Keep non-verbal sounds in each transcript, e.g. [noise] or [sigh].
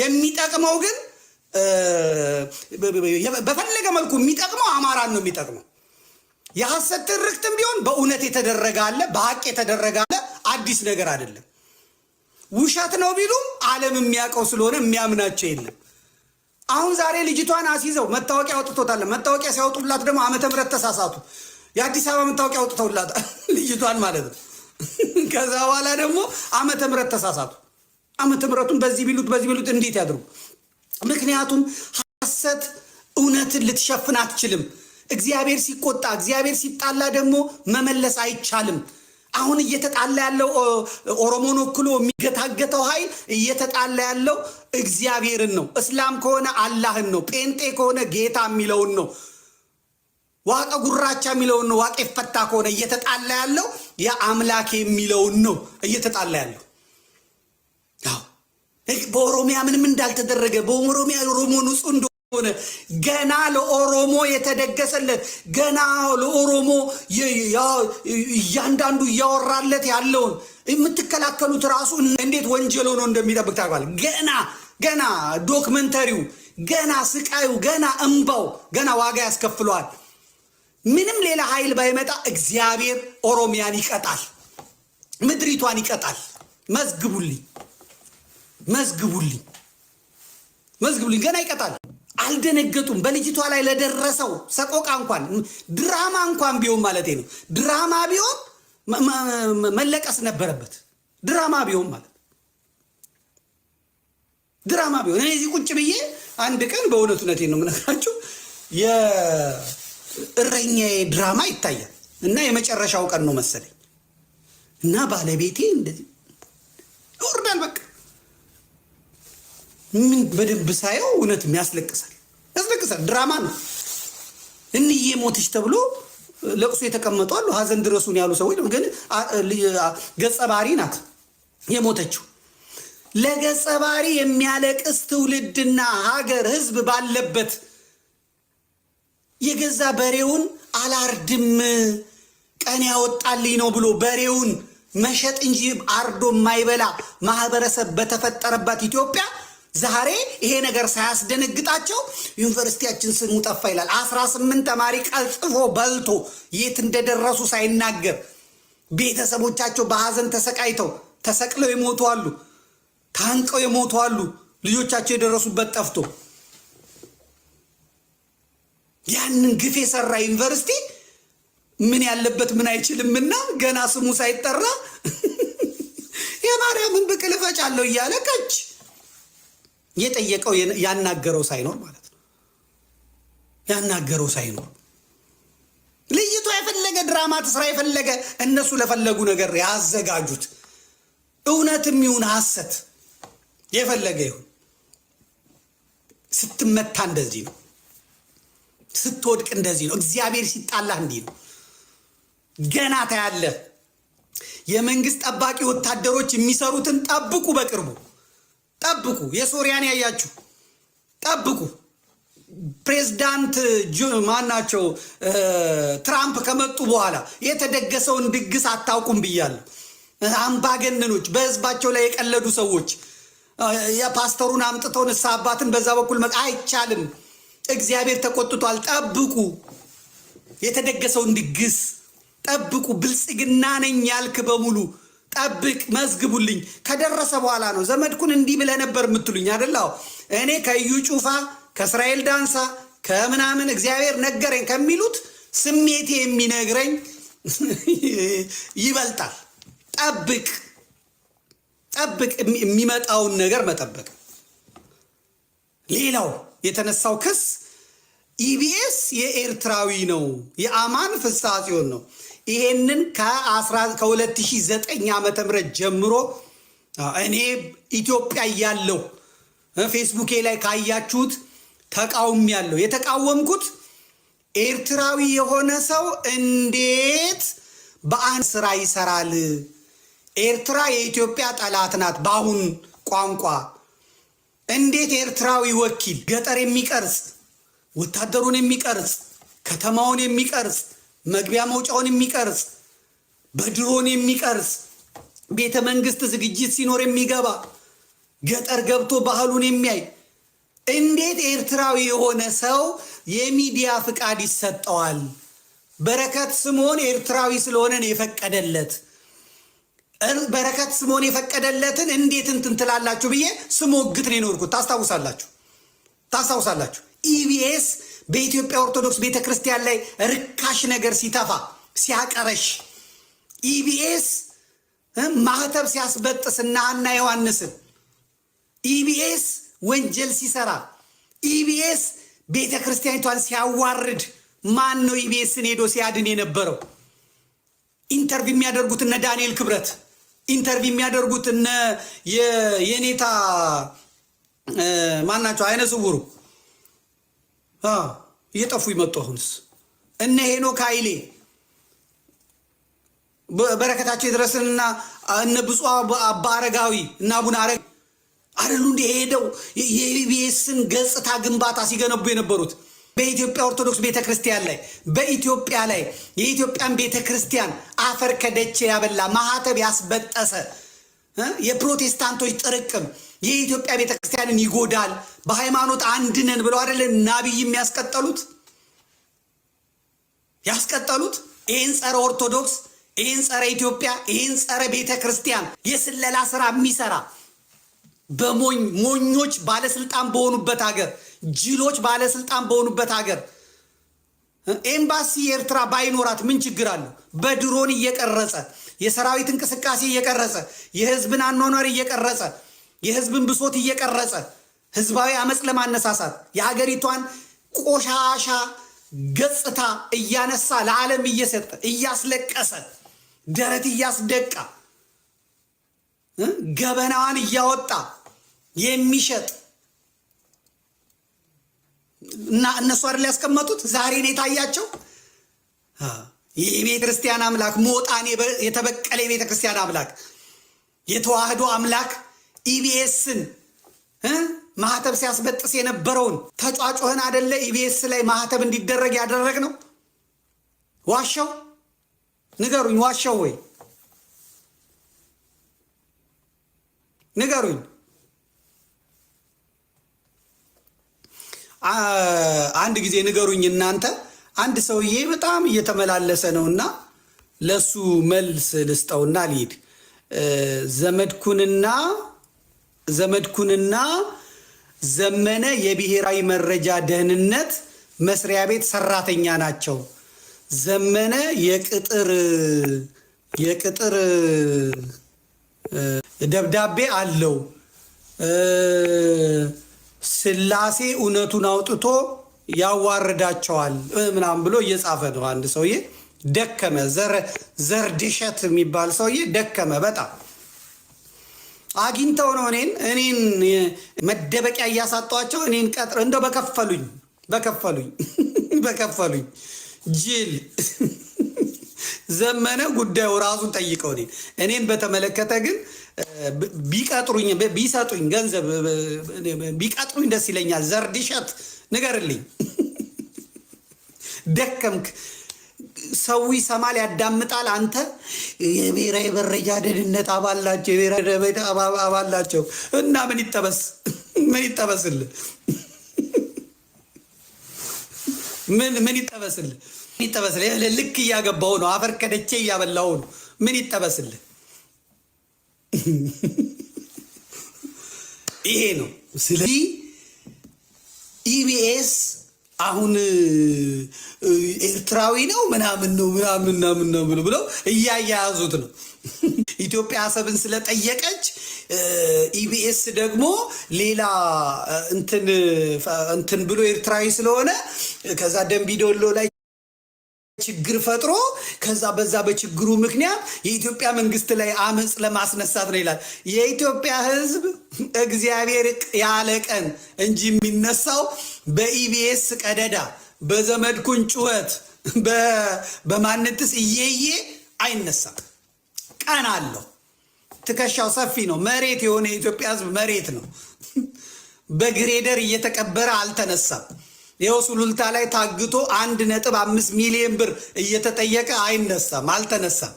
የሚጠቅመው ግን በፈለገ መልኩ የሚጠቅመው አማራን ነው የሚጠቅመው። የሐሰት ትርክትም ቢሆን በእውነት የተደረገ አለ፣ በሀቅ የተደረገ አለ። አዲስ ነገር አይደለም። ውሸት ነው ቢሉም ዓለም የሚያውቀው ስለሆነ የሚያምናቸው የለም። አሁን ዛሬ ልጅቷን አስይዘው መታወቂያ አውጥቶታል። መታወቂያ ሲያወጡላት ደግሞ ዓመተ ምሕረት ተሳሳቱ። የአዲስ አበባ መታወቂያ አውጥተውላት [laughs] ልጅቷን ማለት ነው። ከዛ በኋላ ደግሞ ዓመተ ምሕረት ተሳሳቱ። ዓመተ ምሕረቱን በዚህ ቢሉት በዚህ ቢሉት እንዴት ያድሩ? ምክንያቱም ሐሰት እውነትን ልትሸፍን አትችልም። እግዚአብሔር ሲቆጣ፣ እግዚአብሔር ሲጣላ ደግሞ መመለስ አይቻልም። አሁን እየተጣላ ያለው ኦሮሞን ወክሎ የሚገታገተው ኃይል እየተጣላ ያለው እግዚአብሔርን ነው። እስላም ከሆነ አላህን ነው። ጴንጤ ከሆነ ጌታ የሚለውን ነው። ዋቀ ጉራቻ የሚለውን ነው። ዋቄ ፈታ ከሆነ እየተጣላ ያለው የአምላኬ የሚለውን ነው እየተጣላ ያለው። በኦሮሚያ ምንም እንዳልተደረገ በኦሮሚያ ኦሮሞ ንጹህ እንደሆነ ገና ለኦሮሞ የተደገሰለት ገና ለኦሮሞ እያንዳንዱ እያወራለት ያለውን የምትከላከሉት ራሱ እንዴት ወንጀል ሆኖ እንደሚጠብቅ ታውቃል። ገና ገና ዶክመንተሪው ገና ስቃዩ ገና እምባው ገና ዋጋ ያስከፍለዋል። ምንም ሌላ ኃይል ባይመጣ እግዚአብሔር ኦሮሚያን ይቀጣል፣ ምድሪቷን ይቀጣል። መዝግቡልኝ። መዝግቡልኝ፣ መዝግቡልኝ። ገና ይቀጣል። አልደነገጡም። በልጅቷ ላይ ለደረሰው ሰቆቃ እንኳን ድራማ እንኳን ቢሆን ማለት ነው ድራማ ቢሆን መለቀስ ነበረበት። ድራማ ቢሆን ማለት ድራማ ቢሆን እኔ እዚህ ቁጭ ብዬ አንድ ቀን በእውነት እውነቴን ነው የምነግራችሁ የእረኛዬ ድራማ ይታያል እና የመጨረሻው ቀን ነው መሰለኝ እና ባለቤቴ እንደዚህ ይወርዳል በቃ ምን በደንብ ሳየው እውነትም ያስለቅሳል፣ ያስለቅሳል። ድራማ ነው። እንዬ ሞትሽ ተብሎ ለቅሶ የተቀመጡ አሉ፣ ሀዘን ድረሱን ያሉ ሰዎች ግን ገጸ ባህሪ ናት የሞተችው። ለገጸ ባህሪ የሚያለቅስ ትውልድና ሀገር ህዝብ ባለበት የገዛ በሬውን አላርድም ቀን ያወጣልኝ ነው ብሎ በሬውን መሸጥ እንጂ አርዶ የማይበላ ማህበረሰብ በተፈጠረባት ኢትዮጵያ ዛሬ ይሄ ነገር ሳያስደነግጣቸው ዩኒቨርሲቲያችን ስሙ ጠፋ ይላል። አስራ ስምንት ተማሪ ቀልጽፎ በልቶ የት እንደደረሱ ሳይናገር ቤተሰቦቻቸው በሀዘን ተሰቃይተው ተሰቅለው የሞቱ አሉ፣ ታንቀው የሞቱ አሉ። ልጆቻቸው የደረሱበት ጠፍቶ ያንን ግፍ የሰራ ዩኒቨርሲቲ ምን ያለበት ምን አይችልም ና ገና ስሙ ሳይጠራ [laughs] የማርያምን ብቅል እፈጫለሁ እያለ ቀች የጠየቀው ያናገረው ሳይኖር ማለት ነው። ያናገረው ሳይኖር ልይቷ የፈለገ ድራማ ትስራ፣ የፈለገ እነሱ ለፈለጉ ነገር ያዘጋጁት እውነትም ይሁን ሐሰት የፈለገ ይሁን። ስትመታ እንደዚህ ነው። ስትወድቅ እንደዚህ ነው። እግዚአብሔር ሲጣላህ እንዲህ ነው። ገና ታያለህ። የመንግስት ጠባቂ ወታደሮች የሚሰሩትን ጠብቁ በቅርቡ ጠብቁ። የሶሪያን ያያችሁ ጠብቁ። ፕሬዝዳንት ማናቸው ትራምፕ ከመጡ በኋላ የተደገሰውን ድግስ አታውቁም ብያለሁ። አምባገነኖች፣ በህዝባቸው ላይ የቀለዱ ሰዎች የፓስተሩን አምጥተው እሳ አባትን በዛ በኩል አይቻልም። እግዚአብሔር ተቆጥቷል። ጠብቁ የተደገሰውን ድግስ ጠብቁ። ብልጽግና ነኝ ያልክ በሙሉ ጠብቅ፣ መዝግቡልኝ። ከደረሰ በኋላ ነው ዘመድኩን እንዲህ ብለህ ነበር የምትሉኝ አደላው። እኔ ከእዩ ጩፋ ከእስራኤል ዳንሳ ከምናምን እግዚአብሔር ነገረኝ ከሚሉት ስሜቴ የሚነግረኝ [laughs] ይበልጣል። ጠብቅ ጠብቅ፣ የሚመጣውን ነገር መጠበቅ። ሌላው የተነሳው ክስ ኢቢኤስ የኤርትራዊ ነው፣ የአማን ፍስሐ ጽዮን ነው። ይሄንን ከ2009 ዓ.ም ጀምሮ እኔ ኢትዮጵያ እያለሁ ፌስቡኬ ላይ ካያችሁት ተቃውም ያለው የተቃወምኩት ኤርትራዊ የሆነ ሰው እንዴት በአንድ ስራ ይሰራል? ኤርትራ የኢትዮጵያ ጠላት ናት። በአሁን ቋንቋ እንዴት ኤርትራዊ ወኪል ገጠር የሚቀርጽ ወታደሩን የሚቀርጽ ከተማውን የሚቀርጽ መግቢያ መውጫውን የሚቀርጽ በድሮን የሚቀርጽ ቤተ መንግስት ዝግጅት ሲኖር የሚገባ ገጠር ገብቶ ባህሉን የሚያይ እንዴት ኤርትራዊ የሆነ ሰው የሚዲያ ፍቃድ ይሰጠዋል? በረከት ስምዖን ኤርትራዊ ስለሆነ ነው የፈቀደለት። በረከት ስምዖን የፈቀደለትን እንዴት እንትን ትላላችሁ ብዬ ስሞግት ነው የኖርኩት። ታስታውሳላችሁ ታስታውሳላችሁ ኢቢኤስ በኢትዮጵያ ኦርቶዶክስ ቤተ ክርስቲያን ላይ ርካሽ ነገር ሲተፋ ሲያቀረሽ ኢቢኤስ ማህተብ ሲያስበጥስ እና አና ዮሐንስን ኢቢኤስ ወንጀል ሲሰራ ኢቢኤስ ቤተ ክርስቲያኒቷን ሲያዋርድ ማን ነው ኢቢኤስን ሄዶ ሲያድን የነበረው? ኢንተርቪው የሚያደርጉት እነ ዳንኤል ክብረት ኢንተርቪው የሚያደርጉት እነ የኔታ ማናቸው አይነ ስውሩ እየጠፉ ይመጡ። አሁንስ እነ ሄኖክ ኃይሌ በረከታቸው የደረሰንና እነ ብፁ አባ አረጋዊ እና አቡነ አረ አይደሉ እንዲ ሄደው የኢቢኤስን ገጽታ ግንባታ ሲገነቡ የነበሩት በኢትዮጵያ ኦርቶዶክስ ቤተክርስቲያን ላይ በኢትዮጵያ ላይ የኢትዮጵያን ቤተክርስቲያን አፈር ከደቼ ያበላ ማህተብ ያስበጠሰ የፕሮቴስታንቶች ጥርቅም የኢትዮጵያ ቤተክርስቲያንን ይጎዳል። በሃይማኖት አንድ ነን ብለው አደለ እና ያስቀጠሉት ያስቀጠሉት ይህን ጸረ ኦርቶዶክስ፣ ይህን ጸረ ኢትዮጵያ፣ ይህን ጸረ ቤተ ክርስቲያን የስለላ ስራ የሚሰራ በሞኝ ሞኞች ባለስልጣን በሆኑበት ሀገር፣ ጅሎች ባለስልጣን በሆኑበት ሀገር ኤምባሲ የኤርትራ ባይኖራት ምን ችግር አለው? በድሮን እየቀረጸ የሰራዊት እንቅስቃሴ እየቀረጸ የህዝብን አኗኗር እየቀረጸ የህዝብን ብሶት እየቀረጸ ህዝባዊ አመፅ ለማነሳሳት የሀገሪቷን ቆሻሻ ገጽታ እያነሳ ለዓለም እየሰጠ እያስለቀሰ ደረት እያስደቃ ገበናዋን እያወጣ የሚሸጥ እና እነሱ አይደል ያስቀመጡት። ዛሬ ነው የታያቸው። የቤተ ክርስቲያን አምላክ ሞጣን የተበቀለ የቤተ ክርስቲያን አምላክ የተዋህዶ አምላክ ኢቢኤስን ማህተብ ሲያስበጥስ የነበረውን ተጫጮህን አደለ? ኢቢኤስ ላይ ማህተብ እንዲደረግ ያደረግ ነው። ዋሻው ንገሩኝ፣ ዋሻው ወይ ንገሩኝ። አንድ ጊዜ ንገሩኝ እናንተ። አንድ ሰውዬ በጣም እየተመላለሰ ነው እና ለሱ መልስ ልስጠውና ልሂድ ዘመድኩንና ዘመድኩንና ዘመነ የብሔራዊ መረጃ ደህንነት መስሪያ ቤት ሰራተኛ ናቸው። ዘመነ የቅጥር የቅጥር ደብዳቤ አለው። ስላሴ እውነቱን አውጥቶ ያዋርዳቸዋል ምናምን ብሎ እየጻፈ ነው። አንድ ሰውዬ ደከመ፣ ዘርድሸት የሚባል ሰውዬ ደከመ በጣም አግኝተው ነው እኔን እኔን መደበቂያ እያሳጧቸው እኔን ቀጥረ እንደው በከፈሉኝ በከፈሉኝ [laughs] በከፈሉኝ ጅል [laughs] ዘመነ ጉዳዩ ራሱን ጠይቀው እኔን እኔን በተመለከተ ግን ቢቀጥሩኝ ቢሰጡኝ ገንዘብ ቢቀጥሩኝ ደስ ይለኛል። ዘርድሸት ንገርልኝ [laughs] ደከምክ ሰው ይሰማል፣ ያዳምጣል። አንተ የብሔራዊ መረጃ ደህንነት አባላቸው የብሔራዊ ደህንነት አባላቸው እና ምን ይጠበስ ምን ይጠበስል ምን ምን ይጠበስል ምን ይጠበስል? ልክ እያገባው ነው። አፈር ከደቼ እያበላው ነው። ምን ይጠበስል? ይሄ ነው ስለዚህ ኢቢኤስ አሁን ኤርትራዊ ነው ምናምን ነው ምናምን ምናምን ነው ብሎ ብለው እያያያዙት ነው። [laughs] ኢትዮጵያ አሰብን ስለጠየቀች ኢቢኤስ ደግሞ ሌላ እንትን ብሎ ኤርትራዊ ስለሆነ ከዛ ደንቢዶሎ ላይ ችግር ፈጥሮ ከዛ በዛ በችግሩ ምክንያት የኢትዮጵያ መንግስት ላይ አመፅ ለማስነሳት ነው ይላል። የኢትዮጵያ ሕዝብ እግዚአብሔር ያለ ቀን እንጂ የሚነሳው በኢቢኤስ ቀደዳ፣ በዘመድኩን ጩኸት፣ በማንትስ እየዬ አይነሳም። ቀን አለው። ትከሻው ሰፊ ነው። መሬት የሆነ የኢትዮጵያ ሕዝብ መሬት ነው። በግሬደር እየተቀበረ አልተነሳም። ይኸው ሱሉልታ ላይ ታግቶ አንድ ነጥብ አምስት ሚሊዮን ብር እየተጠየቀ አይነሳም፣ አልተነሳም።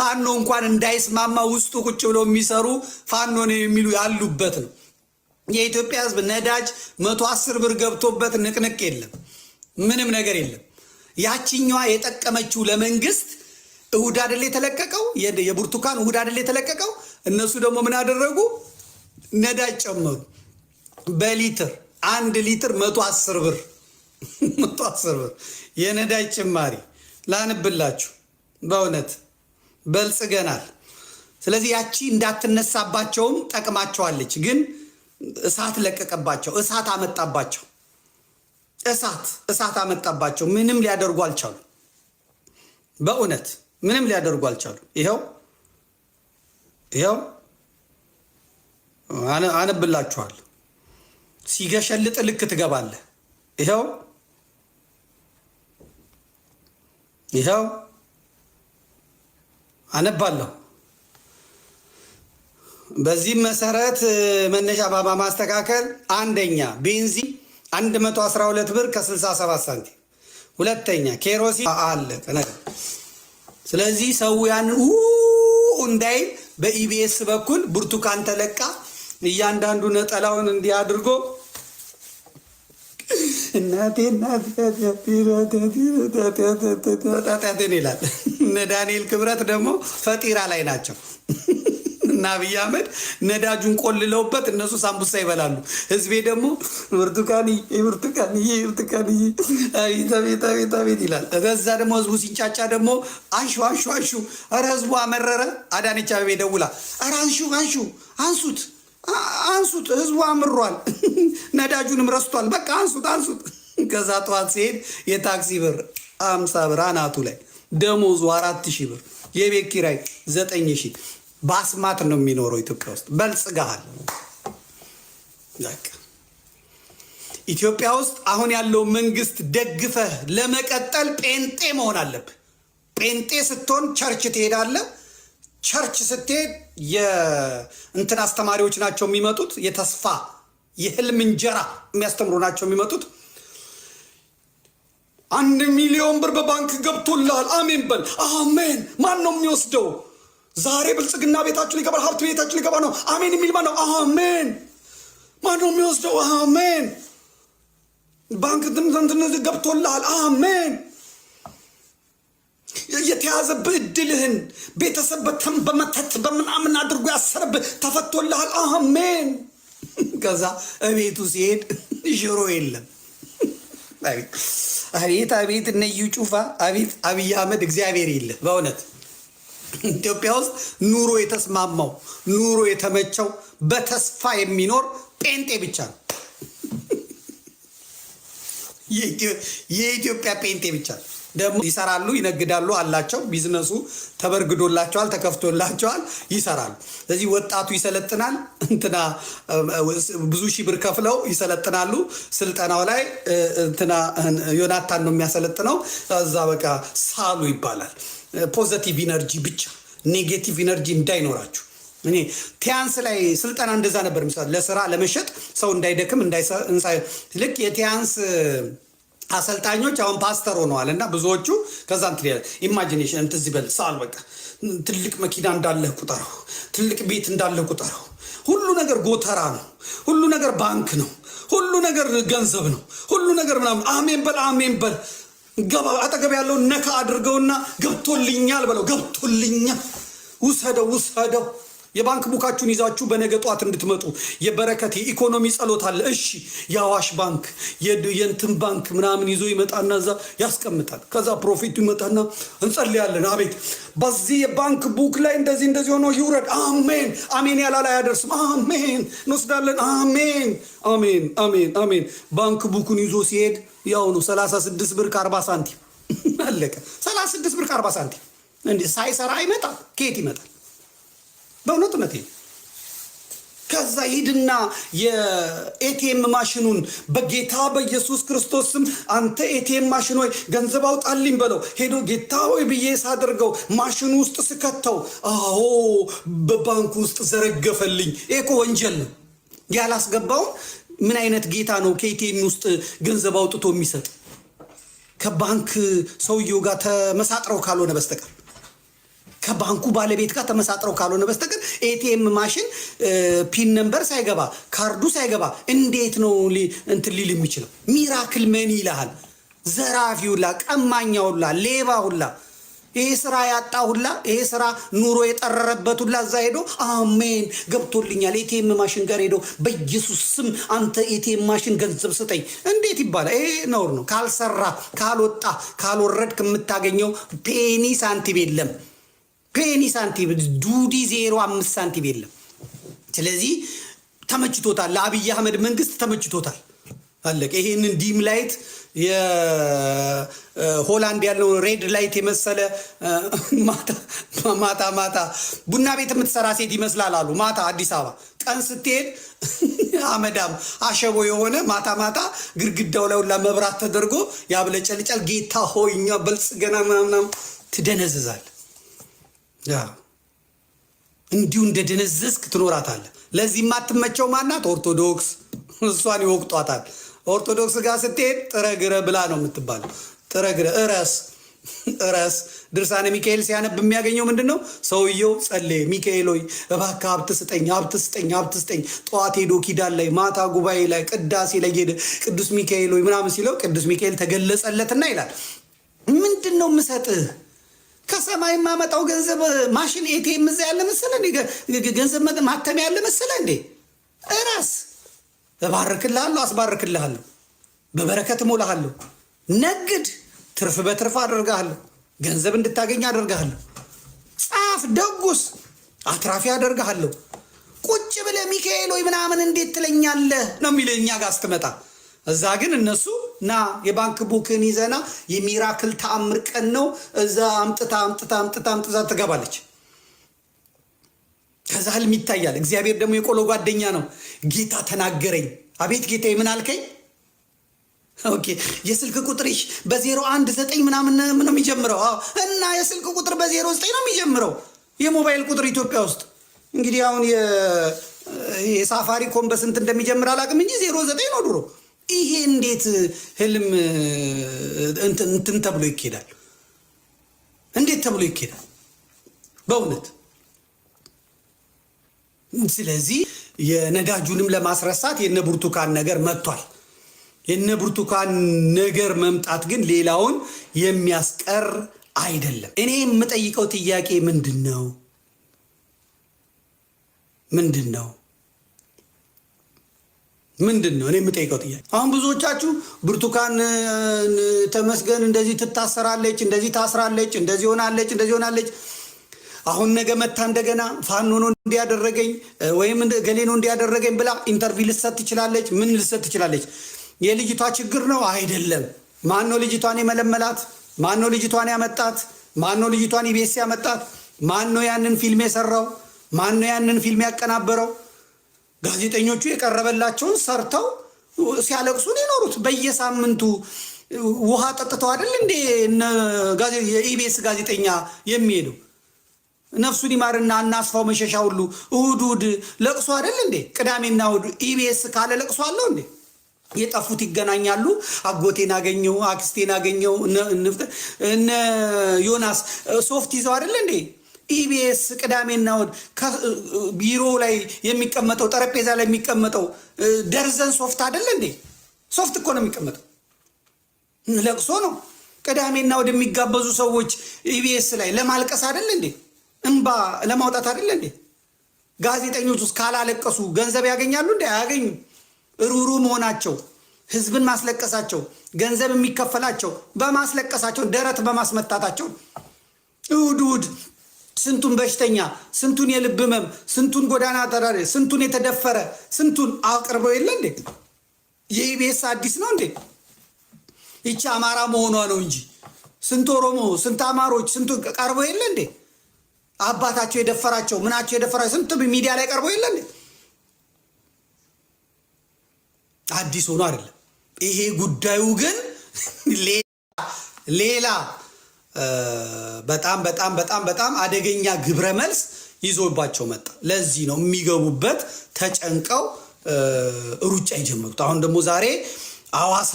ፋኖ እንኳን እንዳይስማማ ውስጡ ቁጭ ብለው የሚሰሩ ፋኖ ነው የሚሉ ያሉበት ነው። የኢትዮጵያ ሕዝብ ነዳጅ መቶ አስር ብር ገብቶበት ንቅንቅ የለም፣ ምንም ነገር የለም። ያችኛዋ የጠቀመችው ለመንግስት እሁድ አይደል የተለቀቀው የብርቱካን እሁድ አይደል የተለቀቀው። እነሱ ደግሞ ምን አደረጉ? ነዳጅ ጨመሩ በሊትር አንድ ሊትር መቶ አስር ብር [laughs] መቶ አስር ብር የነዳጅ ጭማሪ ላንብላችሁ። በእውነት በልጽገናል። ስለዚህ ያቺ እንዳትነሳባቸውም ጠቅማቸዋለች። ግን እሳት ለቀቀባቸው፣ እሳት አመጣባቸው፣ እሳት እሳት አመጣባቸው። ምንም ሊያደርጉ አልቻሉ። በእውነት ምንም ሊያደርጉ አልቻሉ። ይኸው ይኸው አነብላችኋል ሲገሸልጥ ልክ ትገባለህ። ይኸው ይኸው አነባለሁ። በዚህም መሰረት መነሻ በማስተካከል አንደኛ ቤንዚን 112 ብር ከ67 ሳንቲም፣ ሁለተኛ ኬሮሲን አለ። ስለዚህ ሰው ያን እንዳይ በኢቢኤስ በኩል ብርቱካን ተለቃ እያንዳንዱ ነጠላውን እንዲህ አድርጎ እናቴ እናቴን ይላል። እነ ዳንኤል ክብረት ደግሞ ፈጢራ ላይ ናቸው እና አብይ አህመድ ነዳጁን ቆልለውበት እነሱ ሳምቡሳ ይበላሉ። ህዝቤ ደግሞ ብርቱካንዬ ብርቱካንዬ ብርቱካንዬ ይላል። በዛ ደግሞ ህዝቡ ሲንጫጫ ደግሞ አንሹ አንሹ አንሹ፣ ኧረ ህዝቡ አመረረ። አዳነች አቤቤ ደውላ ኧረ አንሹ አንሹ አንሱት አንሱት። ህዝቡ አምሯል፣ [laughs] ነዳጁንም ረስቷል። በቃ አንሱት፣ አንሱት። [laughs] ከዛ ጠዋት ሲሄድ የታክሲ ብር አምሳ ብር አናቱ ላይ ደሞዙ አራት ሺህ ብር የቤት ኪራይ ዘጠኝ ሺህ በአስማት ነው የሚኖረው ኢትዮጵያ ውስጥ በልጽጋሃል። ኢትዮጵያ ውስጥ አሁን ያለው መንግስት ደግፈህ ለመቀጠል ጴንጤ መሆን አለብህ። ጴንጤ ስትሆን ቸርች ትሄዳለህ። ቸርች ስትሄድ የእንትን አስተማሪዎች ናቸው የሚመጡት፣ የተስፋ የህልም እንጀራ የሚያስተምሩ ናቸው የሚመጡት። አንድ ሚሊዮን ብር በባንክ ገብቶልሃል፣ አሜን በል። አሜን። ማን ነው የሚወስደው? ዛሬ ብልጽግና ቤታችን ሊገባ ሀብት ቤታችን ሊገባ ነው። አሜን የሚል ማን ነው? አሜን። ማን ነው የሚወስደው? አሜን። ባንክ ገብቶልሃል፣ አሜን የተያዘብህ እድልህን ቤተሰብ በተም በመተት በምናምን አድርጎ ያሰረብህ ተፈቶልሃል። አሜን። ከዛ እቤቱ ሲሄድ ሽሮ የለም። አቤት አቤት፣ እነዩ ጩፋ፣ አቤት አብይ አህመድ፣ እግዚአብሔር የለ። በእውነት ኢትዮጵያ ውስጥ ኑሮ የተስማማው ኑሮ የተመቸው በተስፋ የሚኖር ጴንጤ ብቻ ነው። የኢትዮጵያ ጴንጤ ብቻ ነው። ደግሞ ይሰራሉ፣ ይነግዳሉ፣ አላቸው። ቢዝነሱ ተበርግዶላቸዋል፣ ተከፍቶላቸዋል፣ ይሰራሉ። ስለዚህ ወጣቱ ይሰለጥናል። እንትና ብዙ ሺህ ብር ከፍለው ይሰለጥናሉ። ስልጠናው ላይ እንትና ዮናታን ነው የሚያሰለጥነው። እዛ በቃ ሳሉ ይባላል። ፖዘቲቭ ኢነርጂ ብቻ፣ ኔጌቲቭ ኢነርጂ እንዳይኖራችሁ። እኔ ቲያንስ ላይ ስልጠና እንደዛ ነበር ለስራ ለመሸጥ ሰው እንዳይደክም ልክ የቲያንስ አሰልጣኞች አሁን ፓስተር ሆነዋል እና ብዙዎቹ ከዛ እንትን ኢማጂኔሽን እንትን በል ሰአል በቃ ትልቅ መኪና እንዳለህ ቁጠረው፣ ትልቅ ቤት እንዳለህ ቁጠረው። ሁሉ ነገር ጎተራ ነው፣ ሁሉ ነገር ባንክ ነው፣ ሁሉ ነገር ገንዘብ ነው፣ ሁሉ ነገር ምናምን። አሜን በል አሜን በል ገባ። አጠገብ ያለውን ነካ አድርገውና ገብቶልኛል በለው፣ ገብቶልኛል፣ ውሰደው ውሰደው የባንክ ቡካችሁን ይዛችሁ በነገ ጠዋት እንድትመጡ የበረከት የኢኮኖሚ ጸሎት አለ። እሺ የአዋሽ ባንክ የእንትን ባንክ ምናምን ይዞ ይመጣና እዛ ያስቀምጣል። ከዛ ፕሮፊቱ ይመጣና እንጸልያለን። አቤት በዚህ የባንክ ቡክ ላይ እንደዚህ እንደዚህ ሆኖ ይውረድ። አሜን አሜን። ያላላ አያደርስም። አሜን እንወስዳለን። አሜን አሜን አሜን አሜን። ባንክ ቡኩን ይዞ ሲሄድ ያው ነው 36 ብር ከ40 ሳንቲም አለቀ። 36 ብር ከ40 ሳንቲም እንዲህ ሳይሰራ ይመጣል። ከየት ይመጣል? በእውነት እውነት ከዛ ሂድና የኤቲኤም ማሽኑን በጌታ በኢየሱስ ክርስቶስ ስም አንተ ኤቲኤም ማሽን ሆይ ገንዘብ አውጣልኝ በለው። ሄዶ ጌታ ሆይ ብዬ ሳደርገው ማሽኑ ውስጥ ስከተው፣ አዎ በባንክ ውስጥ ዘረገፈልኝ። ኤኮ ወንጀል ነው ያላስገባውን። ምን አይነት ጌታ ነው ከኤቲኤም ውስጥ ገንዘብ አውጥቶ የሚሰጥ? ከባንክ ሰውየው ጋር ተመሳጥረው ካልሆነ በስተቀር ከባንኩ ባለቤት ጋር ተመሳጥረው ካልሆነ በስተቀር ኤቲኤም ማሽን ፒን ነምበር ሳይገባ ካርዱ ሳይገባ እንዴት ነው እንትን ሊል የሚችለው? ሚራክል መን ይልሃል። ዘራፊ ሁላ፣ ቀማኛ ሁላ፣ ሌባ ሁላ፣ ይሄ ስራ ያጣ ሁላ፣ ይሄ ስራ ኑሮ የጠረረበት ሁላ እዛ ሄዶ አሜን ገብቶልኛል ኤቲኤም ማሽን ጋር ሄዶ በኢየሱስ ስም አንተ ኤቲኤም ማሽን ገንዘብ ስጠኝ እንዴት ይባላል? ይሄ ነውር ነው። ካልሰራ፣ ካልወጣ፣ ካልወረድክ የምታገኘው ፔኒ ሳንቲም የለም። ፔኒ ሳንቲም ዱዲ ዜሮ አምስት ሳንቲም የለም። ስለዚህ ተመችቶታል። ለአብይ አህመድ መንግስት ተመችቶታል። አለቀ። ይሄንን ዲም ላይት የሆላንድ ያለውን ሬድ ላይት የመሰለ ማታ ማታ ቡና ቤት የምትሰራ ሴት ይመስላል አሉ። ማታ አዲስ አበባ ቀን ስትሄድ አመዳም አሸቦ የሆነ ማታ ማታ ግድግዳው ላይ ሁላ መብራት ተደርጎ ያብለጨልጫል። ጌታ ሆኛ በልጽገና ምናምናም ትደነዝዛል። እንዲሁ እንደደነዘዝክ ትኖራታለህ። ለዚህ የማትመቸው ማናት? ኦርቶዶክስ። እሷን ይወቅጧታል። ኦርቶዶክስ ጋር ስትሄድ ጥረግረ ብላ ነው የምትባለው። ጥረግረ እረስ እረስ ድርሳነ ሚካኤል ሲያነብ የሚያገኘው ምንድን ነው? ሰውየው ጸለየ። ሚካኤል ሆይ እባክህ ሀብት ስጠኝ፣ ሀብት ስጠኝ፣ ሀብት ስጠኝ። ጠዋት ሄዶ ኪዳን ላይ፣ ማታ ጉባኤ ላይ፣ ቅዳሴ ላይ ሄደ ቅዱስ ሚካኤል ሆይ ምናምን ሲለው ቅዱስ ሚካኤል ተገለጸለትና ይላል ምንድን ነው ምሰጥህ ከሰማይ የማመጣው ገንዘብ ማሽን ኤቲኤም እዛ ያለ መሰለ እንዴ? ገንዘብ ማተም ያለ መሰለ እንዴ? እራስ እባርክልሃለሁ፣ አስባርክልሃለሁ፣ በበረከት እሞልሃለሁ፣ ነግድ፣ ትርፍ በትርፍ አደርግሃለሁ፣ ገንዘብ እንድታገኝ አደርግሃለሁ፣ ጻፍ፣ ደጉስ፣ አትራፊ አደርግሃለሁ። ቁጭ ብለህ ሚካኤል ወይ ምናምን እንዴት ትለኛለህ ነው የሚለኝ እኛ ጋር ስትመጣ። እዛ ግን እነሱ ና የባንክ ቡክን ይዘና የሚራክል ተአምር ቀን ነው። እዛ አምጥታ አምጥታ አምጥታ አምጥታ ትገባለች። ከዛ ህልም ይታያል። እግዚአብሔር ደግሞ የቆሎ ጓደኛ ነው። ጌታ ተናገረኝ። አቤት ጌታ ምን አልከኝ? ኦኬ የስልክ ቁጥርሽ በዜሮ አንድ ዘጠኝ ምናምን ነው የሚጀምረው እና የስልክ ቁጥር በዜሮ ዘጠኝ ነው የሚጀምረው የሞባይል ቁጥር ኢትዮጵያ ውስጥ እንግዲህ አሁን የሳፋሪ ኮም በስንት እንደሚጀምር አላውቅም እንጂ ዜሮ ዘጠኝ ነው ድሮ ይሄ እንዴት ህልም እንትን ተብሎ ይኬዳል? እንዴት ተብሎ ይኬዳል? በእውነት ስለዚህ የነጋጁንም ለማስረሳት የነ ብርቱካን ነገር መጥቷል። የነ ብርቱካን ነገር መምጣት ግን ሌላውን የሚያስቀር አይደለም። እኔ የምጠይቀው ጥያቄ ምንድን ነው? ምንድን ነው ምንድን ነው እኔ የምጠይቀው ጥያቄ? አሁን ብዙዎቻችሁ ብርቱካን ተመስገን እንደዚህ ትታሰራለች፣ እንደዚህ ታስራለች፣ እንደዚህ ሆናለች፣ እንደዚህ ሆናለች፣ አሁን ነገ መታ እንደገና ፋኖ ነው እንዲያደረገኝ ወይም ገሌ ነው እንዲያደረገኝ ብላ ኢንተርቪው ልሰጥ ትችላለች፣ ምን ልሰጥ ትችላለች። የልጅቷ ችግር ነው አይደለም። ማን ነው ልጅቷን የመለመላት? ማን ነው ልጅቷን ያመጣት? ማን ነው ልጅቷን ኢቢኤስ ያመጣት? ማን ነው ያንን ፊልም የሰራው? ማን ነው ያንን ፊልም ያቀናበረው? ጋዜጠኞቹ የቀረበላቸውን ሰርተው ሲያለቅሱን የኖሩት በየሳምንቱ ውሃ ጠጥተው አይደል እንዴ የኢቢኤስ ጋዜጠኛ የሚሄደው? ነፍሱን ይማርና እናስፋው መሸሻ ሁሉ እሁድ እሁድ ለቅሶ አይደል እንዴ? ቅዳሜና እሁድ ኢቢኤስ ካለ ለቅሶ አለው እንዴ? የጠፉት ይገናኛሉ። አጎቴን አገኘው፣ አክስቴን አገኘው፣ እነ ዮናስ ሶፍት ይዘው አይደል እንዴ ኢቢኤስ ቅዳሜና እሑድ ቢሮ ላይ የሚቀመጠው ጠረጴዛ ላይ የሚቀመጠው ደርዘን ሶፍት አይደለ እንዴ? ሶፍት እኮ ነው የሚቀመጠው። ለቅሶ ነው። ቅዳሜና እሑድ የሚጋበዙ ሰዎች ኢቢኤስ ላይ ለማልቀስ አይደለ እንዴ? እንባ ለማውጣት አይደለ እንዴ? ጋዜጠኞች ውስጥ ካላለቀሱ ገንዘብ ያገኛሉ እንዴ? አያገኙ። ሩሩ መሆናቸው ህዝብን ማስለቀሳቸው ገንዘብ የሚከፈላቸው በማስለቀሳቸው ደረት በማስመታታቸው እሑድ እሑድ ስንቱን በሽተኛ፣ ስንቱን የልብ ህመም፣ ስንቱን ጎዳና ተዳዳሪ፣ ስንቱን የተደፈረ፣ ስንቱን አቅርበው የለ እንዴ? የኢቢኤስ አዲስ ነው እንዴ? ይቺ አማራ መሆኗ ነው እንጂ ስንት ኦሮሞ፣ ስንት አማሮች፣ ስንቱ ቀርበው የለ እንዴ? አባታቸው የደፈራቸው ምናቸው የደፈራቸው ስንት ሚዲያ ላይ ቀርበው የለ እንዴ? አዲስ ሆኖ አይደለም ይሄ ጉዳዩ ግን [laughs] ሌላ ሌላ በጣም በጣም በጣም በጣም አደገኛ ግብረ መልስ ይዞባቸው መጣ። ለዚህ ነው የሚገቡበት ተጨንቀው ሩጫ የጀመሩት። አሁን ደግሞ ዛሬ አዋሳ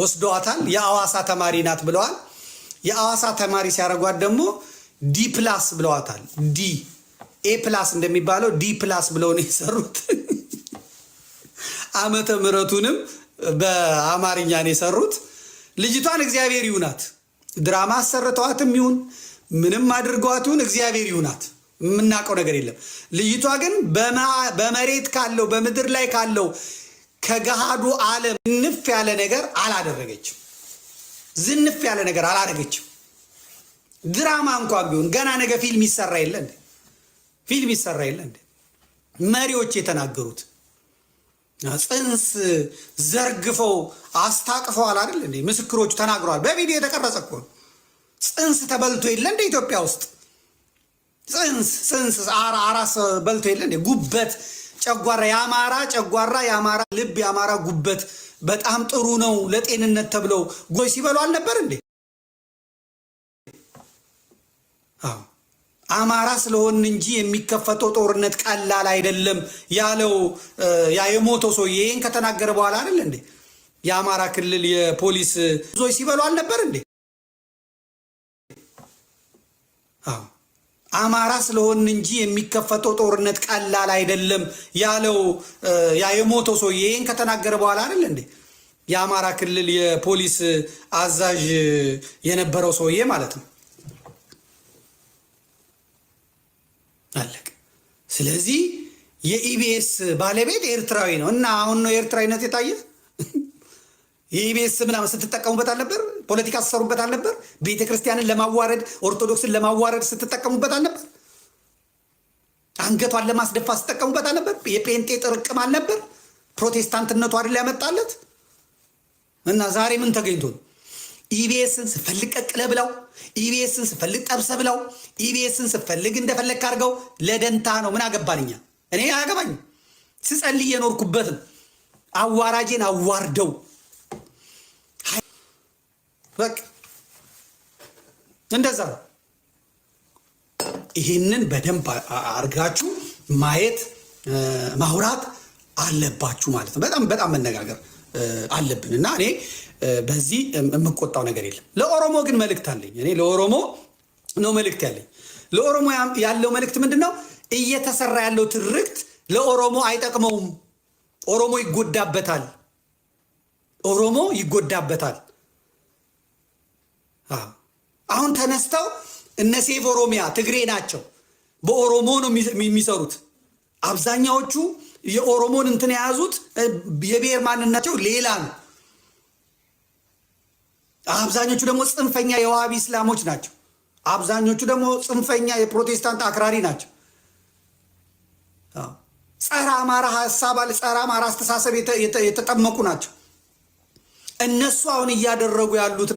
ወስደዋታል። የአዋሳ ተማሪ ናት ብለዋል። የአዋሳ ተማሪ ሲያደርጓት ደግሞ ዲ ፕላስ ብለዋታል። ዲ ኤ ፕላስ እንደሚባለው ዲ ፕላስ ብለው ነው የሰሩት። አመተ ምህረቱንም በአማርኛ ነው የሰሩት። ልጅቷን እግዚአብሔር ይሁናት። ድራማ አሰርተዋትም ይሁን ምንም አድርገዋት ይሁን እግዚአብሔር ይሁናት፣ የምናውቀው ነገር የለም። ልይቷ ግን በመሬት ካለው በምድር ላይ ካለው ከገሃዱ ዓለም ዝንፍ ያለ ነገር አላደረገችም። ዝንፍ ያለ ነገር አላደረገችም። ድራማ እንኳን ቢሆን ገና ነገ ፊልም ይሰራ የለ እንዴ? ፊልም ይሰራ የለ እንዴ? መሪዎች የተናገሩት ጽንስ ዘርግፈው አስታቅፈዋል አይደል እንዴ? ምስክሮቹ ተናግረዋል። በቪዲዮ የተቀረጸ እኮ ጽንስ ተበልቶ የለ እንደ ኢትዮጵያ ውስጥ ጽንስ ጽንስ አራስ በልቶ የለ እንዴ? ጉበት ጨጓራ፣ የአማራ ጨጓራ፣ የአማራ ልብ፣ የአማራ ጉበት በጣም ጥሩ ነው ለጤንነት ተብለው ጎይ ሲበሉ አልነበር እንዴ? አዎ አማራ ስለሆን እንጂ የሚከፈተው ጦርነት ቀላል አይደለም ያለው ያ የሞተው ሰውዬ ይህን ከተናገረ በኋላ አይደለ እንዴ የአማራ ክልል የፖሊስ ዞች ሲበሉ አልነበር እንዴ? አማራ ስለሆን እንጂ የሚከፈተው ጦርነት ቀላል አይደለም ያለው ያ የሞተው ሰውዬ ይህን ከተናገረ በኋላ አይደለ እንዴ የአማራ ክልል የፖሊስ አዛዥ የነበረው ሰውዬ ማለት ነው። አለቅ። ስለዚህ የኢቢኤስ ባለቤት ኤርትራዊ ነው እና አሁን ነው የኤርትራዊነት የታየ። የኢቢኤስ ምናምን ስትጠቀሙበት አልነበር? ፖለቲካ ስትሰሩበት አልነበር? ቤተክርስቲያንን ለማዋረድ ኦርቶዶክስን ለማዋረድ ስትጠቀሙበት አልነበር? አንገቷን ለማስደፋ ስትጠቀሙበት አልነበር? የጴንጤ ጥርቅም አልነበር? ፕሮቴስታንትነቱ አይደል ያመጣለት እና ዛሬ ምን ተገኝቶ ነው? ኢቢኤስን ስፈልግ ቀቅለ ብለው፣ ኢቢኤስን ስፈልግ ጠብሰ ብለው፣ ኢቢኤስን ስፈልግ እንደፈለግ አድርገው። ለደንታ ነው ምን አገባንኛ? እኔ አያገባኝ። ስጸልይ የኖርኩበትም አዋራጄን አዋርደው በቃ እንደዛ ነው። ይህንን በደንብ አድርጋችሁ ማየት ማውራት አለባችሁ ማለት ነው። በጣም በጣም መነጋገር አለብን እና እኔ በዚህ የምቆጣው ነገር የለም። ለኦሮሞ ግን መልእክት አለኝ። እኔ ለኦሮሞ ነው መልእክት ያለኝ። ለኦሮሞ ያለው መልእክት ምንድን ነው? እየተሰራ ያለው ትርክት ለኦሮሞ አይጠቅመውም። ኦሮሞ ይጎዳበታል። ኦሮሞ ይጎዳበታል። አሁን ተነስተው እነ ሴቭ ኦሮሚያ ትግሬ ናቸው። በኦሮሞ ነው የሚሰሩት አብዛኛዎቹ የኦሮሞን እንትን የያዙት የብሔር ማንነታቸው ሌላ ነው። አብዛኞቹ ደግሞ ጽንፈኛ የዋቢ እስላሞች ናቸው። አብዛኞቹ ደግሞ ጽንፈኛ የፕሮቴስታንት አክራሪ ናቸው። ጸረ አማራ ሀሳብ አለ፣ ጸረ አማራ አስተሳሰብ የተጠመቁ ናቸው። እነሱ አሁን እያደረጉ ያሉት